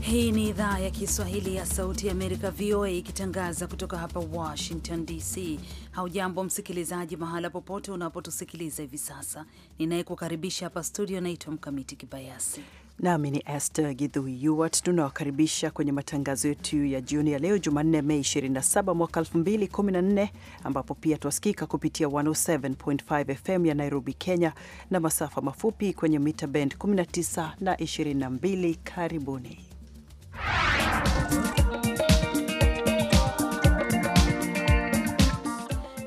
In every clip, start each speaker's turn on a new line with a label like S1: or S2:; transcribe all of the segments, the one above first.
S1: Hii ni idhaa ya Kiswahili ya Sauti ya Amerika, VOA, ikitangaza kutoka hapa Washington DC. Haujambo msikilizaji, mahala popote unapotusikiliza hivi sasa. Ninayekukaribisha hapa studio naitwa Mkamiti Kibayasi
S2: Nami ni Esther gidhu Yuwat, tunawakaribisha kwenye matangazo yetu ya jioni ya leo Jumanne, Mei 27 mwaka 2014, ambapo pia twasikika kupitia 107.5 FM ya Nairobi, Kenya, na masafa mafupi kwenye mita bend 19 na 22. Karibuni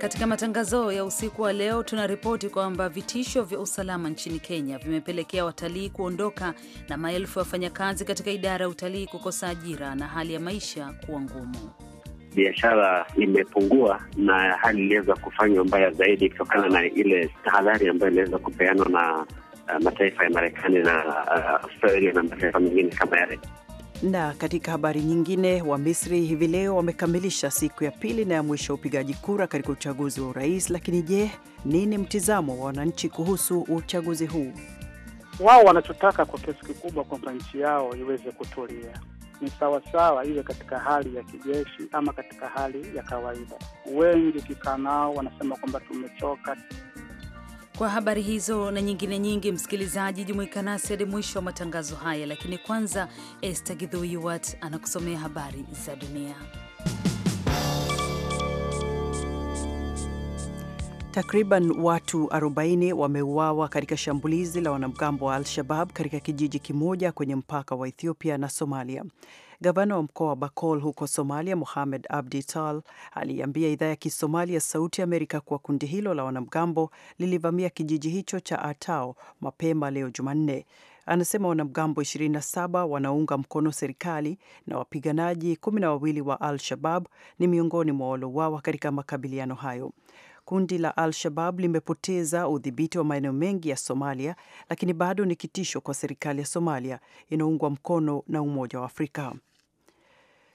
S1: Katika matangazo ya usiku wa leo tunaripoti kwamba vitisho vya usalama nchini Kenya vimepelekea watalii kuondoka na maelfu ya wafanyakazi katika idara ya utalii kukosa ajira na hali ya maisha kuwa ngumu.
S3: Biashara imepungua na hali iliweza kufanywa mbaya zaidi kutokana na ile tahadhari ambayo iliweza kupeanwa na uh, mataifa ya Marekani na uh, Australia na mataifa mengine kama yale
S2: na katika habari nyingine, wa Misri hivi leo wamekamilisha siku ya pili na ya mwisho ya upigaji kura katika uchaguzi wa urais. Lakini je, nini mtizamo wa wananchi kuhusu uchaguzi huu?
S4: Wao wanachotaka kwa kiasi kikubwa kwamba nchi yao iweze kutulia ni sawasawa, iwe katika hali ya kijeshi ama katika hali ya kawaida. Wengi kikanao nao wanasema kwamba tumechoka.
S1: Kwa habari hizo na nyingine nyingi, msikilizaji, jumuika nasi hadi mwisho wa matangazo haya, lakini kwanza Esther Githui anakusomea habari za dunia.
S2: Takriban watu 40 wameuawa katika shambulizi la wanamgambo wa Al-Shabab katika kijiji kimoja kwenye mpaka wa Ethiopia na Somalia. Gavana wa mkoa wa Bakol huko Somalia, Mohamed Abdi Tal, aliambia idhaa ya kisomalia Sauti ya Amerika kuwa kundi hilo la wanamgambo lilivamia kijiji hicho cha Atao mapema leo Jumanne. Anasema wanamgambo 27 wanaunga mkono serikali na wapiganaji kumi na wawili wa Al-Shabab ni miongoni mwa waliouawa katika makabiliano hayo. Kundi la Al-Shabab limepoteza udhibiti wa maeneo mengi ya Somalia, lakini bado ni kitisho kwa serikali ya Somalia inaungwa mkono na Umoja wa Afrika.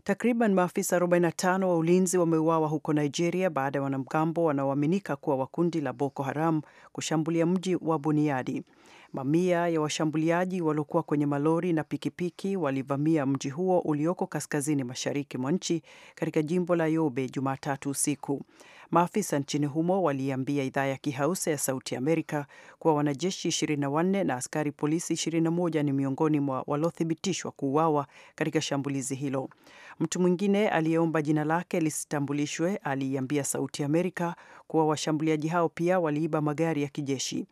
S2: Takriban maafisa 45 wa ulinzi wameuawa huko Nigeria baada ya wanamgambo wanaoaminika kuwa wa kundi la Boko Haram kushambulia mji wa Buniadi. Mamia ya washambuliaji waliokuwa kwenye malori na pikipiki walivamia mji huo ulioko kaskazini mashariki mwa nchi katika jimbo la Yobe Jumatatu usiku. Maafisa nchini humo waliambia idhaa ya Kihausa ya Sauti Amerika kuwa wanajeshi 24 na askari polisi 21 ni miongoni mwa waliothibitishwa kuuawa katika shambulizi hilo. Mtu mwingine aliyeomba jina lake lisitambulishwe aliiambia Sauti Amerika kuwa washambuliaji hao pia waliiba magari ya kijeshi.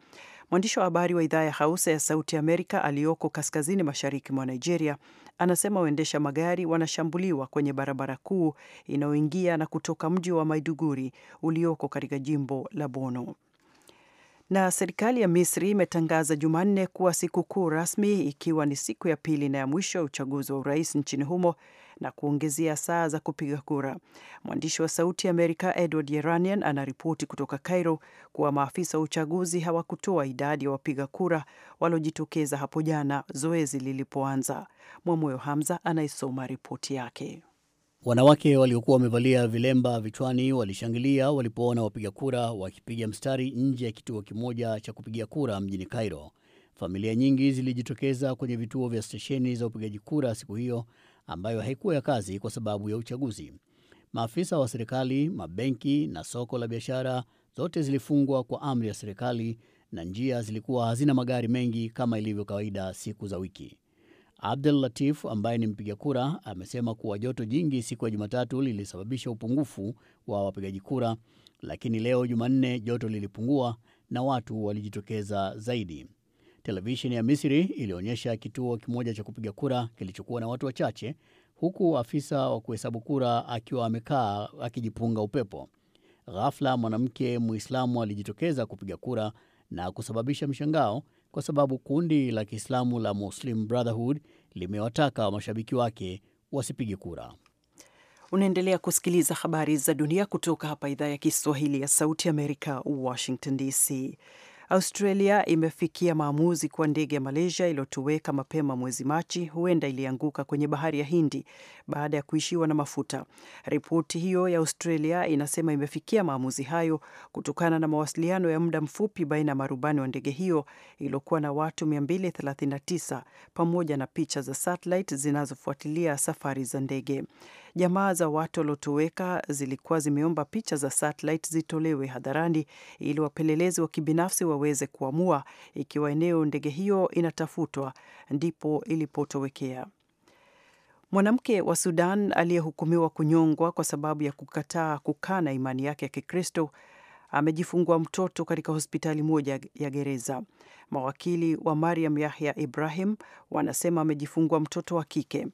S2: Mwandishi wa habari wa idhaa ya Hausa ya Sauti Amerika aliyoko kaskazini mashariki mwa Nigeria anasema waendesha magari wanashambuliwa kwenye barabara kuu inayoingia na kutoka mji wa Maiduguri ulioko katika jimbo la bono na serikali ya Misri imetangaza Jumanne kuwa sikukuu rasmi, ikiwa ni siku ya pili na ya mwisho ya uchaguzi wa urais nchini humo na kuongezea saa za kupiga kura. Mwandishi wa Sauti ya Amerika Edward Yeranian anaripoti kutoka Cairo kuwa maafisa wa uchaguzi hawakutoa idadi ya wapiga kura waliojitokeza hapo jana zoezi lilipoanza. Mwamoyo Hamza anaisoma ripoti yake.
S5: Wanawake waliokuwa wamevalia vilemba vichwani walishangilia walipoona wapiga kura wakipiga mstari nje ya kituo kimoja cha kupigia kura mjini Cairo. Familia nyingi zilijitokeza kwenye vituo vya stesheni za upigaji kura siku hiyo ambayo haikuwa ya kazi kwa sababu ya uchaguzi. Maafisa wa serikali, mabenki na soko la biashara zote zilifungwa kwa amri ya serikali na njia zilikuwa hazina magari mengi kama ilivyo kawaida siku za wiki. Abdel Latif ambaye ni mpiga kura amesema kuwa joto jingi siku ya Jumatatu lilisababisha upungufu wa wapigaji kura, lakini leo Jumanne joto lilipungua na watu walijitokeza zaidi. Televisheni ya Misri ilionyesha kituo kimoja cha kupiga kura kilichokuwa na watu wachache, huku afisa wa kuhesabu kura akiwa amekaa akijipunga upepo. Ghafla mwanamke Muislamu alijitokeza kupiga kura na kusababisha mshangao kwa sababu kundi la Kiislamu la Muslim Brotherhood limewataka mashabiki wake wasipige kura. Unaendelea kusikiliza
S2: habari za dunia kutoka hapa idhaa ya Kiswahili ya Sauti Amerika, Washington DC. Australia imefikia maamuzi kuwa ndege ya Malaysia iliyotoweka mapema mwezi Machi huenda ilianguka kwenye bahari ya Hindi baada ya kuishiwa na mafuta. Ripoti hiyo ya Australia inasema imefikia maamuzi hayo kutokana na mawasiliano ya muda mfupi baina ya marubani wa ndege hiyo iliyokuwa na watu 239 pamoja na picha za satellite zinazofuatilia safari za ndege. Jamaa za watu waliotoweka zilikuwa zimeomba picha za satellite zitolewe hadharani ili wapelelezi wa kibinafsi waweze kuamua ikiwa eneo ndege hiyo inatafutwa ndipo ilipotowekea. Mwanamke wa Sudan aliyehukumiwa kunyongwa kwa sababu ya kukataa kukana imani yake ya Kikristo amejifungua mtoto katika hospitali moja ya gereza. Mawakili wa Mariam Yahya Ibrahim wanasema amejifungua mtoto wa kike.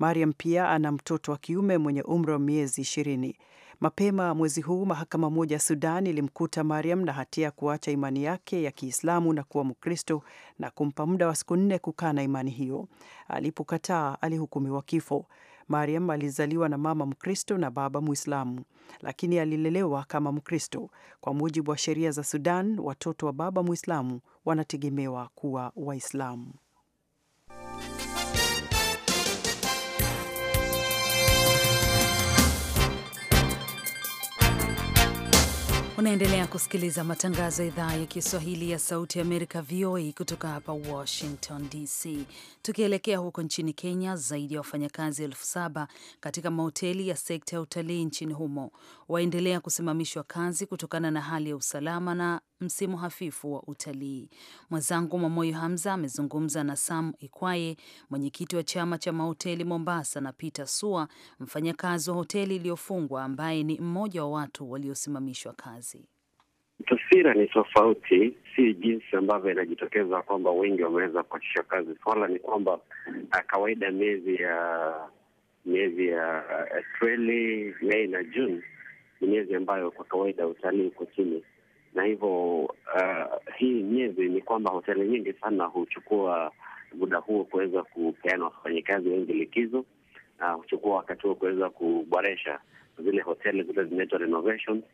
S2: Mariam pia ana mtoto wa kiume mwenye umri wa miezi ishirini. Mapema mwezi huu mahakama moja ya Sudan ilimkuta Mariam na hatia ya kuacha imani yake ya Kiislamu na kuwa Mkristo na kumpa muda wa siku nne kukaa na imani hiyo. Alipokataa alihukumiwa kifo. Mariam alizaliwa na mama Mkristo na baba Muislamu, lakini alilelewa kama Mkristo. Kwa mujibu wa sheria za Sudan, watoto wa baba Muislamu wanategemewa kuwa Waislamu.
S1: Unaendelea kusikiliza matangazo ya idhaa ya Kiswahili ya Sauti ya Amerika, VOA, kutoka hapa Washington DC. Tukielekea huko nchini Kenya, zaidi ya wafanyakazi elfu saba katika mahoteli ya sekta ya utalii nchini humo waendelea kusimamishwa kazi kutokana na hali ya usalama na msimu hafifu wa utalii. Mwenzangu Mwamoyo Hamza amezungumza na Sam Ikwaye, mwenyekiti wa chama cha mahoteli Mombasa, na Peter Sua, mfanyakazi wa hoteli iliyofungwa ambaye ni mmoja wa watu waliosimamishwa kazi jinsi.
S3: Taswira ni tofauti, si jinsi ambavyo inajitokeza kwamba wengi wameweza kuachisha kazi. Swala ni kwamba uh, kawaida miezi ya miezi ya uh, Aprili, Mei na Juni ni miezi ambayo kwa kawaida utalii uko chini, na hivyo uh, hii miezi ni kwamba hoteli nyingi sana huchukua muda huo kuweza kupeana wafanyikazi wengi likizo, na huchukua wakati huo kuweza kuboresha zile hoteli, zile zinaitwa renovations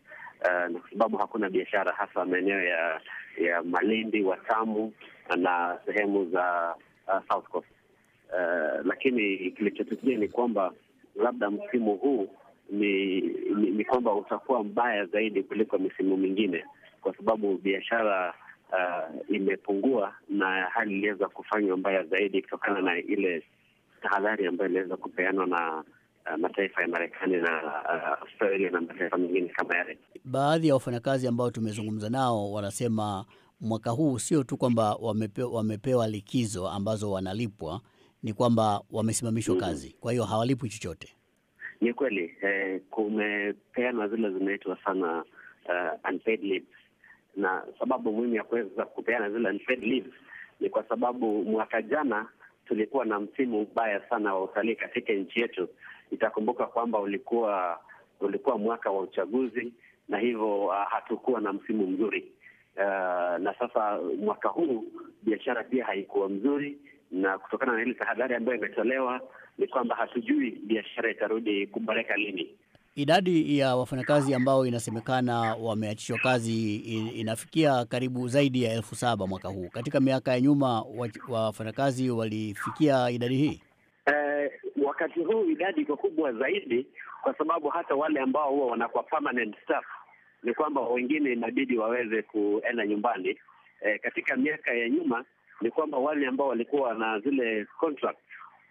S3: na eh, kwa sababu hakuna biashara hasa maeneo ya ya Malindi, Watamu na sehemu za uh, South Coast. Uh, lakini kilichotukia ni kwamba labda msimu huu ni, ni, ni kwamba utakuwa mbaya zaidi kuliko misimu mingine kwa sababu biashara uh, imepungua na hali iliweza kufanywa mbaya zaidi kutokana na ile tahadhari ambayo iliweza kupeanwa na Uh, mataifa ya Marekani na uh, Australia na mataifa mengine kama yale.
S5: Baadhi ya wafanyakazi ambao tumezungumza nao wanasema mwaka huu sio tu kwamba wamepewa, wamepewa likizo ambazo wanalipwa, ni kwamba wamesimamishwa mm -hmm. kazi, kwa hiyo hawalipwi chochote.
S3: Ni kweli eh, kumepeanwa zile zinaitwa sana uh, unpaid leave, na sababu muhimu ya kuweza kupeana zile unpaid leave ni kwa sababu mwaka jana tulikuwa na msimu mbaya sana wa utalii katika nchi yetu, Itakumbuka kwamba ulikuwa ulikuwa mwaka wa uchaguzi na hivyo uh, hatukuwa na msimu mzuri uh, na sasa mwaka huu biashara pia haikuwa mzuri, na kutokana na ile tahadhari ambayo imetolewa ni kwamba hatujui biashara itarudi kuboreka lini.
S5: Idadi ya wafanyakazi ambao inasemekana wameachishwa kazi inafikia karibu zaidi ya elfu saba mwaka huu. Katika miaka ya nyuma wafanyakazi walifikia idadi hii
S3: wakati huu idadi iko kubwa zaidi, kwa sababu hata wale ambao huwa wanakuwa permanent staff ni kwamba wengine inabidi waweze kuenda nyumbani. E, katika miaka ya nyuma ni kwamba wale ambao walikuwa na zile contract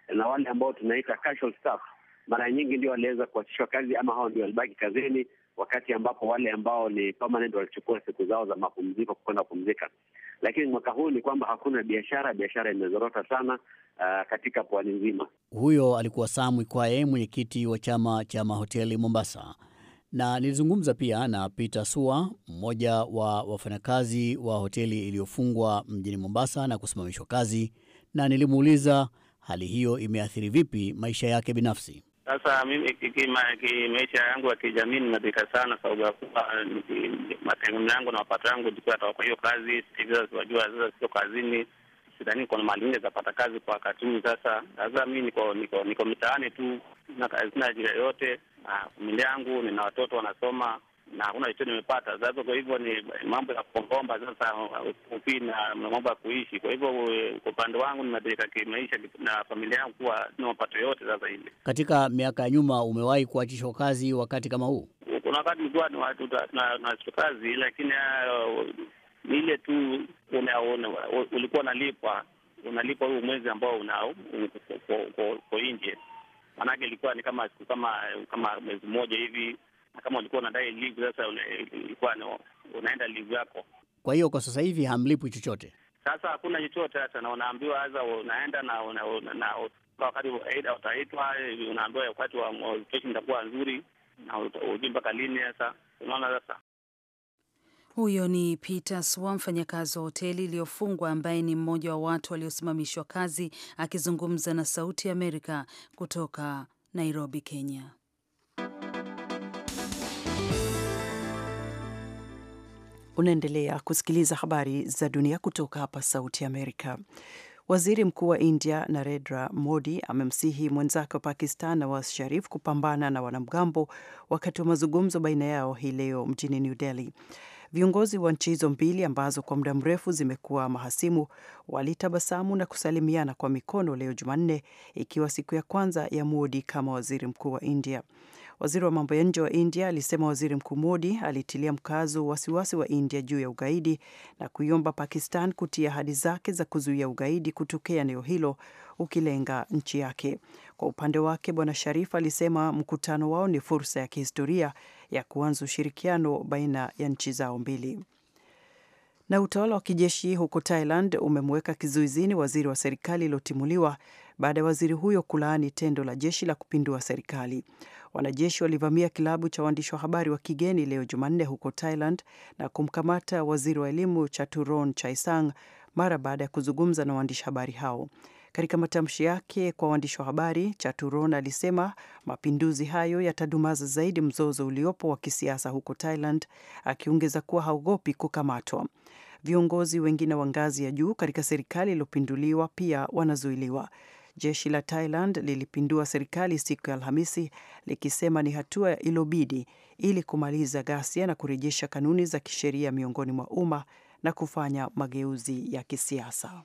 S3: na wale ambao tunaita casual staff mara nyingi ndio waliweza kuachishwa kazi ama hao ndio walibaki kazini wakati ambapo wale ambao ni permanent walichukua siku zao za mapumziko kwenda kupumzika. Lakini mwaka huu ni kwamba hakuna biashara, biashara imezorota sana uh, katika pwani
S5: nzima. Huyo alikuwa Samwi Kwae, mwenyekiti wa chama cha mahoteli Mombasa, na nilizungumza pia na Peter Sua, mmoja wa wafanyakazi wa hoteli iliyofungwa mjini Mombasa na kusimamishwa kazi, na nilimuuliza hali hiyo imeathiri vipi maisha yake binafsi.
S6: Sasa mimi kimaisha yangu ya kijamii nimepita sana, sababu ya kuwa eh, matengenezo yangu na mapato yangu toka kwa hiyo kazi. Wajua sasa sio kazini, sidhani kuna mahali ingine zapata kazi kwa wakati huu. Sasa sasa mi niko niko niko mitaani tu, sina ajira yoyote, na ah, familia yangu nina watoto wanasoma na hakuna chochote nimepata. Sasa kwa hivyo ni mambo ya kuombaomba sasa ufupi na mambo ya kuishi. Kwa hivyo eh, kwa upande wangu nimebadilika kimaisha na familia yangu kuwa sina mapato yote sasa hivi.
S5: Katika miaka ya nyuma umewahi kuachishwa kazi wakati kama huu?
S6: Kuna wakati nilikuwa naachishwa kazi, lakini eh, ni ile tu ulikuwa unalipwa unalipwa huu mwezi ambao unao uko um, nje, maanake ilikuwa ni kama siku kama kama mwezi mmoja hivi kama ulikuwa unadai livu, sasa ulikuwa unaenda livu yako.
S5: Kwa hiyo kwa sasa hivi hamlipwi chochote,
S6: sasa hakuna chochote hata, na unaambiwa aza unaenda na una, una, na wakati aida utaitwa, unaambiwa wakati wa itakuwa nzuri, na ujui mpaka lini sasa. Unaona sasa
S1: huyo ni Peter Swa, mfanyakazi wa hoteli iliyofungwa ambaye ni mmoja wa watu waliosimamishwa kazi, akizungumza na Sauti ya Amerika kutoka Nairobi, Kenya.
S2: Unaendelea kusikiliza habari za dunia kutoka hapa Sauti ya Amerika. Waziri Mkuu wa India Narendra Modi amemsihi mwenzake wa Pakistan Nawaz Sharif kupambana na wanamgambo wakati wa mazungumzo baina yao hii leo mjini New Delhi. Viongozi wa nchi hizo mbili ambazo kwa muda mrefu zimekuwa mahasimu walitabasamu na kusalimiana kwa mikono leo Jumanne, ikiwa siku ya kwanza ya Modi kama waziri mkuu wa India. Waziri wa mambo ya nje wa India alisema waziri mkuu Modi alitilia mkazo wasiwasi wa India juu ya ugaidi na kuiomba Pakistan kutia ahadi zake za kuzuia ugaidi kutokea eneo hilo ukilenga nchi yake. Kwa upande wake, Bwana Sharif alisema mkutano wao ni fursa ya kihistoria ya kuanza ushirikiano baina ya nchi zao mbili. Na utawala wa kijeshi huko Thailand umemweka kizuizini waziri wa serikali iliyotimuliwa baada ya waziri huyo kulaani tendo la jeshi la kupindua serikali. Wanajeshi walivamia kilabu cha waandishi wa habari wa kigeni leo Jumanne huko Thailand na kumkamata waziri wa elimu Chaturon Chaisang mara baada ya kuzungumza na waandishi habari hao. Katika matamshi yake kwa waandishi wa habari, Chaturon alisema mapinduzi hayo yatadumaza zaidi mzozo uliopo wa kisiasa huko Thailand, akiongeza kuwa haogopi kukamatwa. Viongozi wengine wa ngazi ya juu katika serikali iliyopinduliwa pia wanazuiliwa. Jeshi la Thailand lilipindua serikali siku ya Alhamisi likisema ni hatua ilobidi ili kumaliza ghasia na kurejesha kanuni za kisheria miongoni mwa umma na kufanya mageuzi ya kisiasa.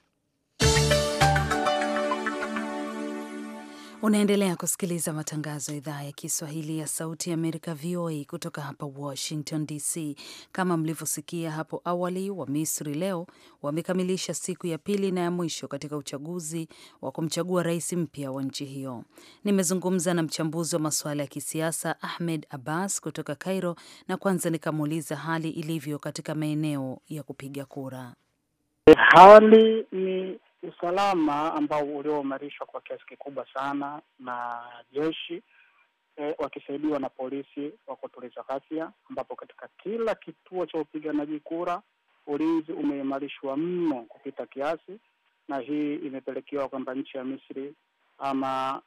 S1: Unaendelea kusikiliza matangazo ya idhaa ya Kiswahili ya Sauti ya Amerika, VOA, kutoka hapa Washington DC. Kama mlivyosikia hapo awali, wa Misri leo wamekamilisha siku ya pili na ya mwisho katika uchaguzi wa kumchagua rais mpya wa nchi hiyo. Nimezungumza na mchambuzi wa masuala ya kisiasa Ahmed Abbas kutoka Cairo, na kwanza nikamuuliza hali ilivyo katika maeneo ya kupiga kura.
S4: Hali ni usalama ambao ulioimarishwa kwa kiasi kikubwa sana na jeshi e, wakisaidiwa na polisi wa kutuliza ghasia, ambapo katika kila kituo cha upiganaji kura ulinzi umeimarishwa mno kupita kiasi, na hii imepelekewa kwamba nchi ya Misri ama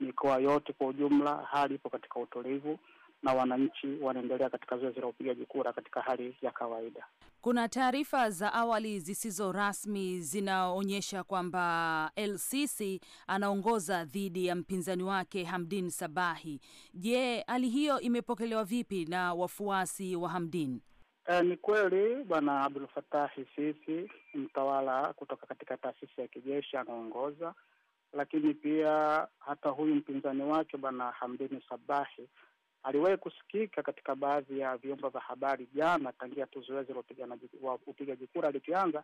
S4: mikoa yote kwa ujumla hali ipo katika utulivu na wananchi wanaendelea katika zoezi la upigaji kura katika hali ya kawaida.
S1: Kuna taarifa za awali zisizo rasmi zinaonyesha kwamba El-Sisi anaongoza dhidi ya mpinzani wake Hamdin Sabahi. Je, hali hiyo imepokelewa vipi na wafuasi wa Hamdin?
S4: E, ni kweli bwana Abdul Fatahi Sisi, mtawala kutoka katika taasisi ya kijeshi anaongoza, lakini pia hata huyu mpinzani wake bwana hamdini Sabahi aliwahi kusikika katika baadhi ya vyombo vya habari jana, tangia tu zoezi la upigaji kura likianza,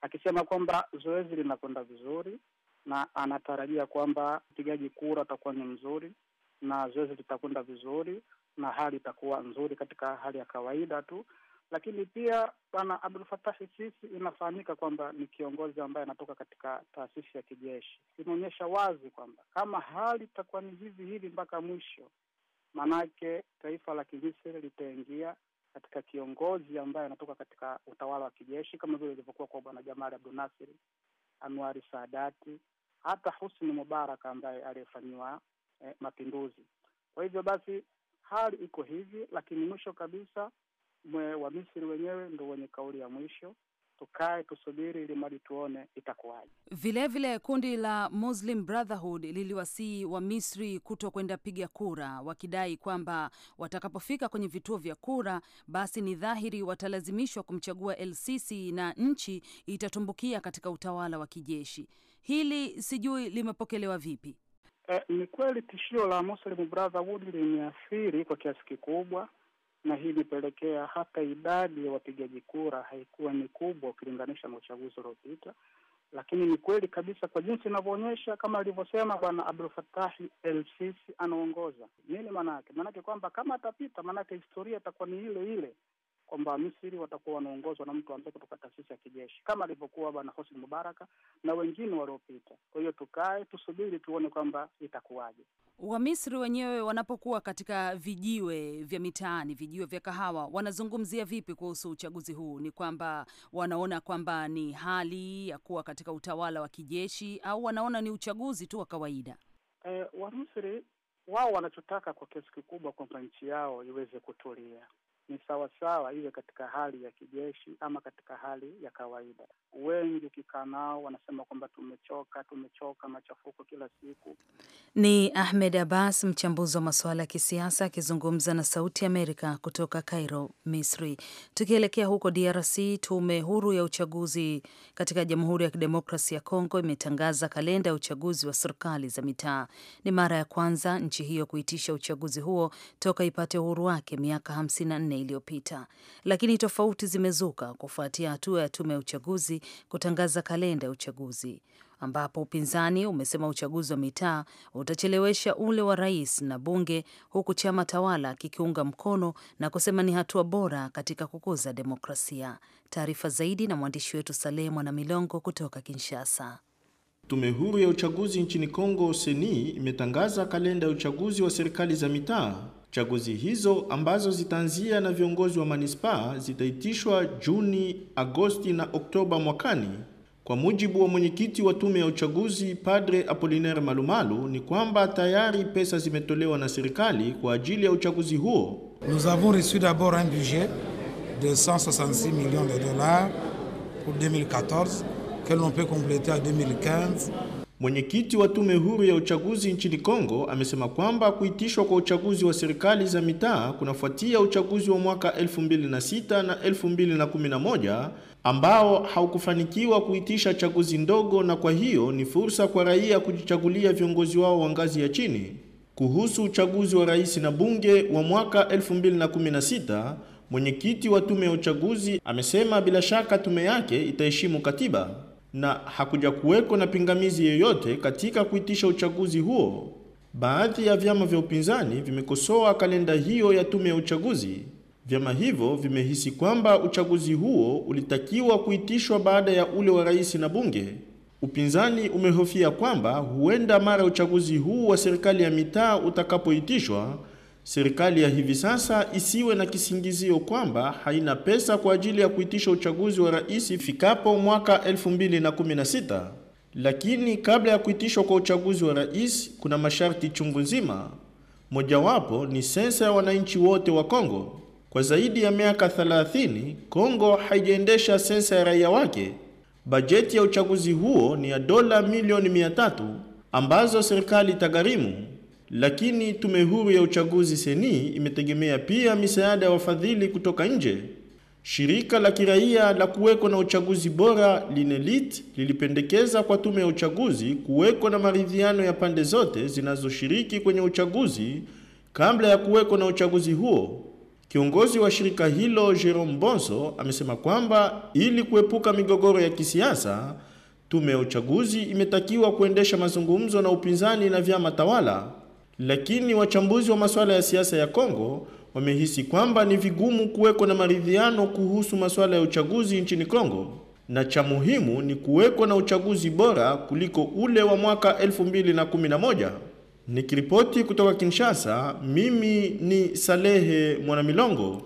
S4: akisema kwamba zoezi linakwenda vizuri na anatarajia kwamba upigaji kura utakuwa ni mzuri na zoezi litakwenda vizuri na hali itakuwa nzuri katika hali ya kawaida tu. Lakini pia bwana Abdul Fattah Sisi inafahamika kwamba ni kiongozi ambaye anatoka katika taasisi ya kijeshi, inaonyesha wazi kwamba kama hali itakuwa ni hivi hivi mpaka mwisho,
S5: Manake
S4: taifa la Kimisri litaingia katika kiongozi ambaye anatoka katika utawala wa kijeshi kama vile ilivyokuwa kwa bwana Jamali Abdel Nasser, Anwar Saadati, hata Husni Mubarak ambaye aliyefanyiwa eh, mapinduzi. Kwa hivyo basi hali iko hivi, lakini mwisho kabisa mwe wa Misri wenyewe ndio wenye kauli ya mwisho tukae tusubiri ili mali tuone itakuwaje.
S1: Vilevile kundi la Muslim Brotherhood liliwasii wa Misri kuto kwenda piga kura, wakidai kwamba watakapofika kwenye vituo vya kura, basi ni dhahiri watalazimishwa kumchagua El Sisi na nchi itatumbukia katika utawala wa kijeshi. Hili sijui limepokelewa
S4: vipi? Eh, ni kweli tishio la Muslim Brotherhood limeathiri kwa kiasi kikubwa na hii ilipelekea hata idadi ya wapigaji kura haikuwa ni kubwa ukilinganisha na uchaguzi uliopita. Lakini ni kweli kabisa kwa jinsi inavyoonyesha, kama alivyosema bwana Abdul fatahi El-Sisi anaongoza. Nini maanake? Maanake kwamba kama atapita, maanake historia itakuwa ni ile ile kwamba Misri watakuwa wanaongozwa na mtu ambaye kutoka taasisi ya kijeshi kama alivyokuwa bwana Hosni Mubaraka na wengine waliopita. Kwa hiyo tukae tusubiri tuone kwamba itakuwaje.
S1: Wamisri wenyewe wanapokuwa katika vijiwe vya mitaani, vijiwe vya kahawa, wanazungumzia vipi kuhusu uchaguzi huu? Ni kwamba wanaona kwamba ni hali ya kuwa katika utawala wa kijeshi au wanaona ni uchaguzi tu wa kawaida?
S4: Eh, Wamisri wao wanachotaka kwa kiasi kikubwa kwamba nchi yao iweze kutulia, ni sawasawa, iwe katika hali ya kijeshi ama katika hali ya kawaida. Wengi ukikaa nao wanasema kwamba tumechoka, tumechoka machafuko kila siku.
S1: Ni Ahmed Abbas, mchambuzi wa masuala ya kisiasa, akizungumza na Sauti Amerika kutoka Cairo, Misri. Tukielekea huko DRC, tume huru ya uchaguzi katika Jamhuri ya Kidemokrasi ya Kongo imetangaza kalenda ya uchaguzi wa serikali za mitaa. Ni mara ya kwanza nchi hiyo kuitisha uchaguzi huo toka ipate uhuru wake miaka nne minne iliyopita, lakini tofauti zimezuka kufuatia hatua ya tume ya uchaguzi kutangaza kalenda ya uchaguzi ambapo upinzani umesema uchaguzi wa mitaa utachelewesha ule wa rais na bunge, huku chama tawala kikiunga mkono na kusema ni hatua bora katika kukuza demokrasia. Taarifa zaidi na mwandishi wetu Saleh Mwana Milongo kutoka Kinshasa.
S7: Tume huru ya uchaguzi nchini Kongo, Seni, imetangaza kalenda ya uchaguzi wa serikali za mitaa Chaguzi hizo ambazo zitaanzia na viongozi wa manispaa zitaitishwa Juni, Agosti na Oktoba mwakani. Kwa mujibu wa mwenyekiti wa tume ya uchaguzi Padre Apolinaire Malumalu ni kwamba tayari pesa zimetolewa na serikali kwa ajili ya uchaguzi huo. Nous avons reçu d'abord un budget de 166 millions de dollars pour 2014 que l'on peut compléter à 2015 Mwenyekiti wa tume huru ya uchaguzi nchini Kongo amesema kwamba kuitishwa kwa uchaguzi wa serikali za mitaa kunafuatia uchaguzi wa mwaka 2006 na 2011 ambao haukufanikiwa kuitisha chaguzi ndogo, na kwa hiyo ni fursa kwa raia kujichagulia viongozi wao wa ngazi ya chini. Kuhusu uchaguzi wa rais na bunge wa mwaka 2016, mwenyekiti wa tume ya uchaguzi amesema bila shaka tume yake itaheshimu katiba na hakuja kuweko na pingamizi yoyote katika kuitisha uchaguzi huo, baadhi ya vyama vya upinzani vimekosoa kalenda hiyo ya tume ya uchaguzi. Vyama hivyo vimehisi kwamba uchaguzi huo ulitakiwa kuitishwa baada ya ule wa rais na bunge. Upinzani umehofia kwamba huenda mara uchaguzi huu wa serikali ya mitaa utakapoitishwa serikali ya hivi sasa isiwe na kisingizio kwamba haina pesa kwa ajili ya kuitisha uchaguzi wa rais ifikapo mwaka 2016. Lakini kabla ya kuitishwa kwa uchaguzi wa rais kuna masharti chungu nzima. Mojawapo ni sensa ya wananchi wote wa Kongo. Kwa zaidi ya miaka 30 Kongo haijaendesha sensa ya raia wake. Bajeti ya uchaguzi huo ni ya dola milioni 300 ambazo serikali itagharimu lakini tume huru ya uchaguzi seni imetegemea pia misaada ya wafadhili kutoka nje. Shirika la kiraia la kuweko na uchaguzi bora Linelit lilipendekeza kwa tume ya uchaguzi kuweko na maridhiano ya pande zote zinazoshiriki kwenye uchaguzi kabla ya kuweko na uchaguzi huo. Kiongozi wa shirika hilo Jerome Bonso amesema kwamba ili kuepuka migogoro ya kisiasa, tume ya uchaguzi imetakiwa kuendesha mazungumzo na upinzani na vyama tawala lakini wachambuzi wa masuala ya siasa ya Kongo wamehisi kwamba ni vigumu kuwekwa na maridhiano kuhusu masuala ya uchaguzi nchini Kongo na cha muhimu ni kuwekwa na uchaguzi bora kuliko ule wa mwaka 2011. Nikiripoti kutoka Kinshasa, mimi ni Salehe Mwanamilongo.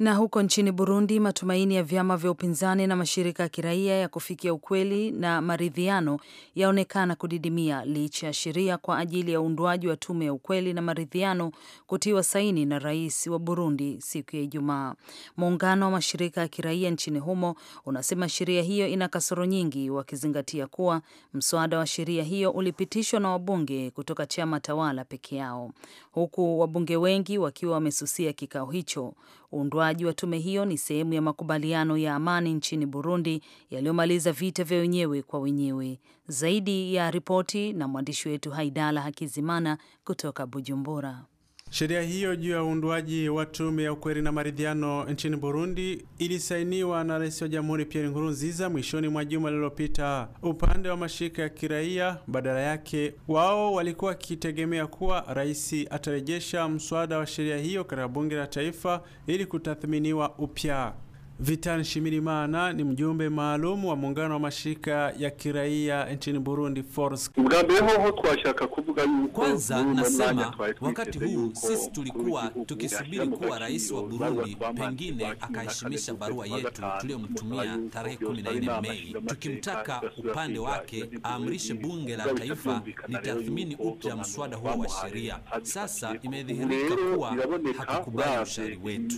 S1: Na huko nchini Burundi, matumaini ya vyama vya upinzani na mashirika ya kiraia ya kufikia ukweli na maridhiano yaonekana kudidimia licha ya sheria kwa ajili ya uundwaji wa tume ya ukweli na maridhiano kutiwa saini na rais wa Burundi siku ya Ijumaa. Muungano wa mashirika ya kiraia nchini humo unasema sheria hiyo ina kasoro nyingi, wakizingatia kuwa mswada wa sheria hiyo ulipitishwa na wabunge kutoka chama tawala peke yao, huku wabunge wengi wakiwa wamesusia kikao hicho. Uundwaji uundwaji wa tume hiyo ni sehemu ya makubaliano ya amani nchini Burundi yaliyomaliza vita vya wenyewe kwa wenyewe. Zaidi ya ripoti na mwandishi wetu Haidala Hakizimana kutoka Bujumbura.
S8: Sheria hiyo juu ya uundwaji wa tume ya ukweli na maridhiano nchini Burundi ilisainiwa na Rais wa Jamhuri Pierre Nkurunziza mwishoni mwa juma lililopita. Upande wa mashirika ya kiraia, badala yake, wao walikuwa wakitegemea kuwa rais atarejesha mswada wa sheria hiyo katika bunge la taifa ili kutathminiwa upya. Vital Nshimirimana ni mjumbe maalum wa muungano wa mashirika ya kiraia nchini Burundi Force. Kwanza nasema wakati huu sisi tulikuwa tukisubiri kuwa rais
S3: wa Burundi pengine akaheshimisha barua yetu tuliyomtumia tarehe 14 Mei, tukimtaka upande wake aamrishe bunge la taifa litathmini
S8: upya mswada huo wa sheria. Sasa imedhihirika kuwa hakukubali ushauri
S3: wetu,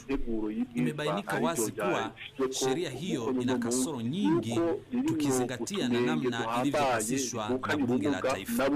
S3: imebainika wazi kuwa sheria hiyo ina kasoro nyingi tukizingatia na namna ilivyopasishwa na bunge la taifa.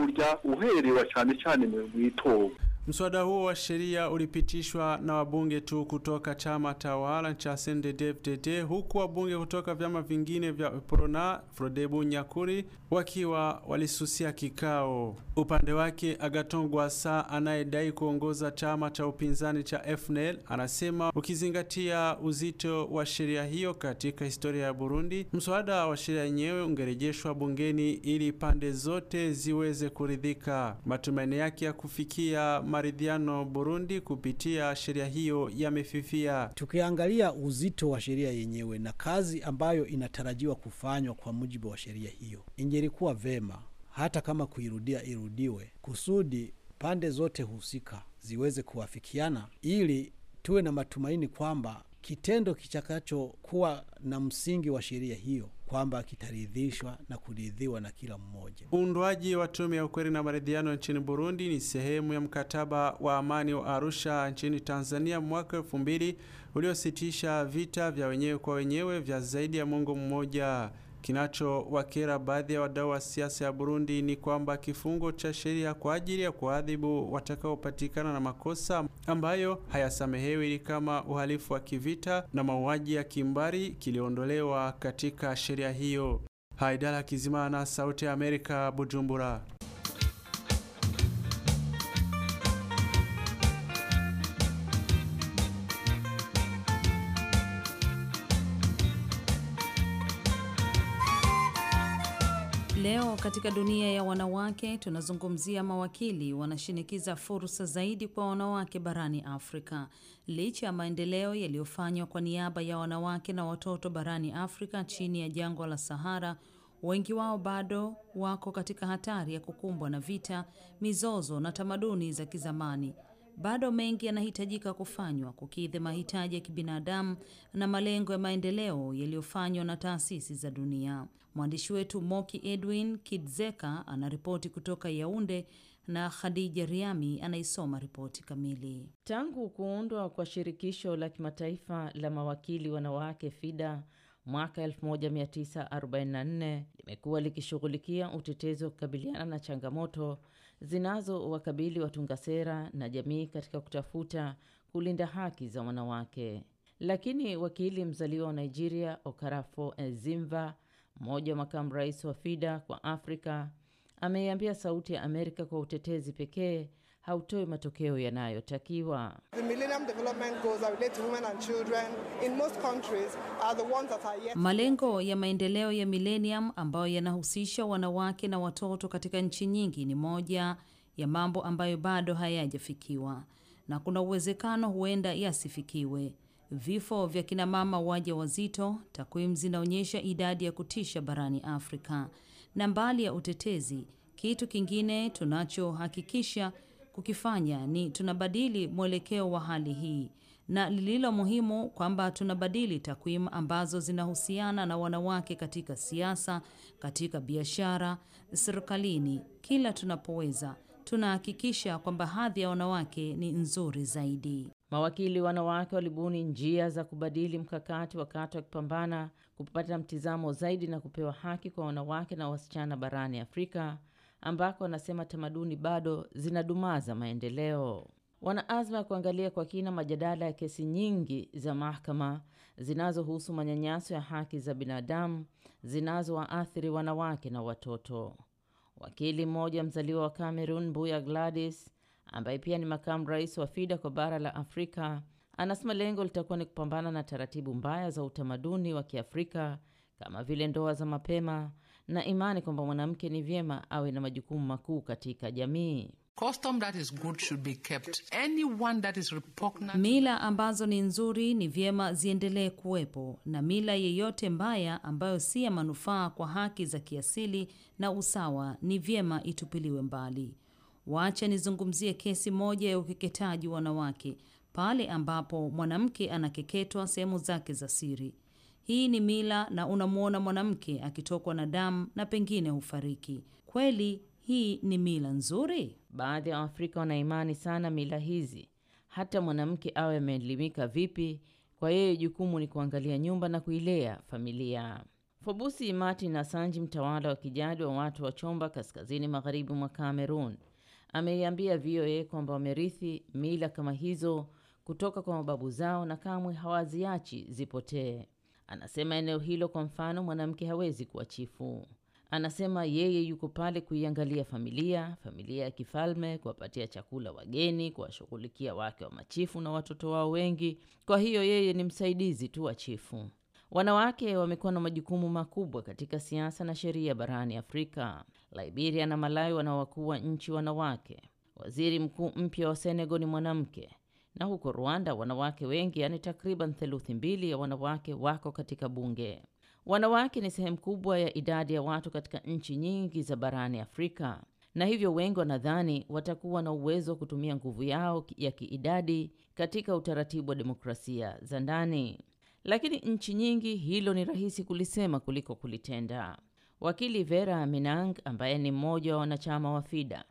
S8: Mswada huo wa sheria ulipitishwa na wabunge tu kutoka chama tawala cha CNDD-FDD huku wabunge kutoka vyama vingine vya Prona, Frodebu, Nyakuri wakiwa walisusia kikao. Upande wake Agaton Gwasa anayedai kuongoza chama cha upinzani cha FNL anasema ukizingatia uzito wa sheria hiyo katika historia ya Burundi, mswada wa sheria yenyewe ungerejeshwa bungeni ili pande zote ziweze kuridhika. Matumaini yake ya kufikia maridhiano Burundi kupitia sheria hiyo
S4: yamefifia. Tukiangalia uzito wa sheria yenyewe na kazi ambayo inatarajiwa kufanywa kwa mujibu wa sheria hiyo, ingelikuwa vema hata kama kuirudia irudiwe, kusudi pande zote husika ziweze kuwafikiana ili tuwe na matumaini kwamba kitendo kichakachokuwa na msingi wa sheria hiyo kwamba kitaridhishwa na kuridhiwa na kila mmoja.
S8: Uundwaji wa tume ya ukweli na maridhiano nchini Burundi ni sehemu ya mkataba wa amani wa Arusha nchini Tanzania mwaka elfu mbili uliositisha vita vya wenyewe kwa wenyewe vya zaidi ya mwongo mmoja. Kinachowakera baadhi ya wadau wa siasa ya Burundi ni kwamba kifungo cha sheria kwa ajili ya kuadhibu watakaopatikana na makosa ambayo hayasamehewi kama uhalifu wa kivita na mauaji ya kimbari kiliondolewa katika sheria hiyo. Haidala Kizimana, Sauti ya Amerika, Bujumbura.
S1: Leo katika dunia ya wanawake tunazungumzia mawakili wanashinikiza fursa zaidi kwa wanawake barani Afrika. Licha ya maendeleo yaliyofanywa kwa niaba ya wanawake na watoto barani Afrika chini ya jangwa la Sahara, wengi wao bado wako katika hatari ya kukumbwa na vita, mizozo na tamaduni za kizamani bado mengi yanahitajika kufanywa kukidhi mahitaji ya kibinadamu na malengo ya maendeleo yaliyofanywa na taasisi za dunia. Mwandishi wetu Moki Edwin Kidzeka anaripoti kutoka Yaunde
S9: na Khadija Riami anaisoma ripoti kamili. Tangu kuundwa kwa shirikisho la kimataifa la mawakili wanawake FIDA mwaka 1944 limekuwa likishughulikia utetezi wa kukabiliana na changamoto zinazowakabili watunga sera na jamii katika kutafuta kulinda haki za wanawake. Lakini wakili mzaliwa wa Nigeria Okarafo Ezimva, mmoja wa makamu rais wa FIDA kwa Afrika, ameiambia Sauti ya Amerika kwa utetezi pekee hautoi matokeo yanayotakiwa. Malengo ya maendeleo ya
S1: millennium ambayo yanahusisha wanawake na watoto katika nchi nyingi ni moja ya mambo ambayo bado hayajafikiwa na kuna uwezekano huenda yasifikiwe. Vifo vya kinamama wazito takwimu zinaonyesha idadi ya kutisha barani Afrika. Na mbali ya utetezi, kitu kingine tunachohakikisha kukifanya ni tunabadili mwelekeo wa hali hii, na lililo muhimu kwamba tunabadili takwimu ambazo zinahusiana na wanawake katika siasa, katika biashara, serikalini. Kila tunapoweza,
S9: tunahakikisha kwamba hadhi ya wanawake ni nzuri zaidi. Mawakili wanawake walibuni njia za kubadili mkakati wakati wakipambana kupata mtizamo zaidi na kupewa haki kwa wanawake na wasichana barani Afrika ambako anasema tamaduni bado zinadumaza maendeleo. Wanaazma ya kuangalia kwa kina majadala ya kesi nyingi za mahakama zinazohusu manyanyaso ya haki za binadamu zinazowaathiri wanawake na watoto. Wakili mmoja mzaliwa wa Cameroon, buya Gladys, ambaye pia ni makamu rais wa FIDA kwa bara la Afrika, anasema lengo litakuwa ni kupambana na taratibu mbaya za utamaduni wa Kiafrika kama vile ndoa za mapema na imani kwamba mwanamke ni vyema awe na majukumu makuu katika jamii.
S1: Mila ambazo ni nzuri ni vyema ziendelee kuwepo, na mila yeyote mbaya ambayo si ya manufaa kwa haki za kiasili na usawa ni vyema itupiliwe mbali. Wacha nizungumzie kesi moja ya ukeketaji wanawake, pale ambapo mwanamke anakeketwa sehemu zake za siri. Hii ni mila na unamwona mwanamke
S9: akitokwa na damu na pengine hufariki. Kweli hii ni mila nzuri? Baadhi ya Waafrika wanaimani sana mila hizi, hata mwanamke awe ameelimika vipi, kwa yeye jukumu ni kuangalia nyumba na kuilea familia. Fobusi Martin Asanji, mtawala wa kijadi wa watu wa Chomba kaskazini magharibi mwa Kamerun, ameiambia VOA kwamba wamerithi mila kama hizo kutoka kwa mababu zao na kamwe hawaziachi zipotee. Anasema eneo hilo, kwa mfano, mwanamke hawezi kuwa chifu. Anasema yeye yuko pale kuiangalia familia, familia ya kifalme, kuwapatia chakula wageni, kuwashughulikia wake wa machifu na watoto wao wengi. Kwa hiyo yeye ni msaidizi tu wa chifu. Wanawake wamekuwa na majukumu makubwa katika siasa na sheria barani Afrika. Liberia na Malawi wana wakuu wa nchi wanawake. Waziri mkuu mpya wa Senegal ni mwanamke. Na huko Rwanda, wanawake wengi, yaani takriban theluthi mbili ya wanawake wako katika bunge. Wanawake ni sehemu kubwa ya idadi ya watu katika nchi nyingi za barani Afrika, na hivyo wengi wanadhani watakuwa na uwezo wa kutumia nguvu yao ya kiidadi katika utaratibu wa demokrasia za ndani. Lakini nchi nyingi hilo ni rahisi kulisema kuliko kulitenda. Wakili Vera Minang ambaye ni mmoja wa wanachama wa FIDA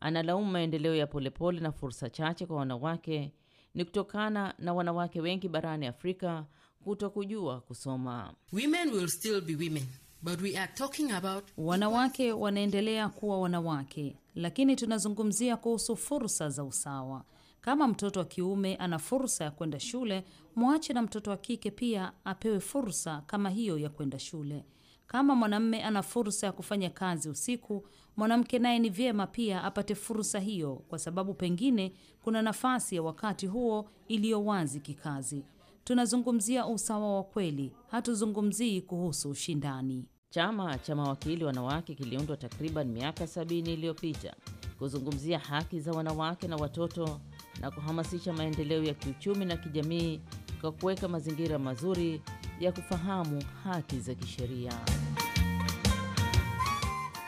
S9: analaumu maendeleo ya polepole na fursa chache kwa wanawake ni kutokana na wanawake wengi barani Afrika kuto kujua kusoma. Women will still be women. But we are talking about... wanawake wanaendelea kuwa wanawake, lakini tunazungumzia
S1: kuhusu fursa za usawa. Kama mtoto wa kiume ana fursa ya kwenda shule, mwache na mtoto wa kike pia apewe fursa kama hiyo ya kwenda shule. Kama mwanamme ana fursa ya kufanya kazi usiku, mwanamke naye ni vyema pia apate fursa hiyo, kwa sababu pengine kuna nafasi ya wakati huo iliyo wazi kikazi.
S9: Tunazungumzia usawa wa kweli, hatuzungumzii kuhusu ushindani. Chama cha mawakili wanawake kiliundwa takriban miaka sabini iliyopita kuzungumzia haki za wanawake na watoto na kuhamasisha maendeleo ya kiuchumi na kijamii kwa kuweka mazingira mazuri ya kufahamu haki za kisheria.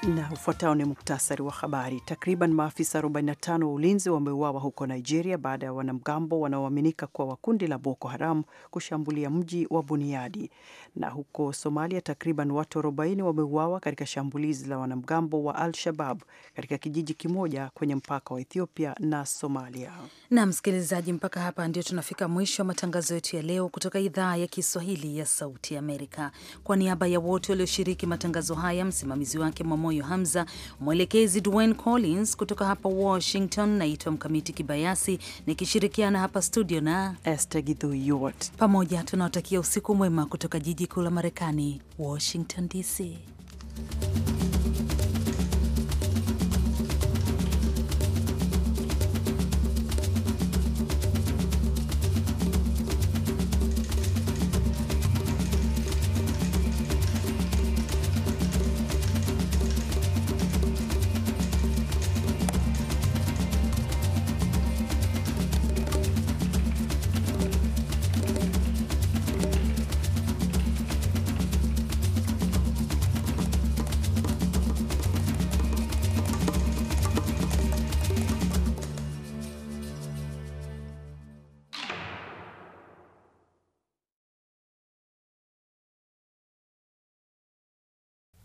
S2: Na ufuatao ni muktasari wa habari. Takriban maafisa 45 wa ulinzi wameuawa huko Nigeria baada ya wanamgambo wanaoaminika kuwa wa kundi la Boko Haram kushambulia mji wa Buniadi. Na huko Somalia, takriban watu 40 wameuawa katika shambulizi la wanamgambo wa Al-Shabab katika kijiji kimoja kwenye mpaka wa Ethiopia na Somalia.
S1: Na msikilizaji, mpaka hapa ndio tunafika mwisho wa matangazo yetu ya leo kutoka idhaa ya Kiswahili ya Sauti Amerika. Kwa niaba ya wote walioshiriki matangazo haya, msimamizi wake mwamoja Moyo Hamza, mwelekezi Dwayne Collins. Kutoka hapa Washington naitwa Mkamiti Kibayasi nikishirikiana hapa studio na Esther
S2: Githuiyot.
S1: Pamoja tunawatakia usiku mwema kutoka jiji kuu la Marekani, Washington DC.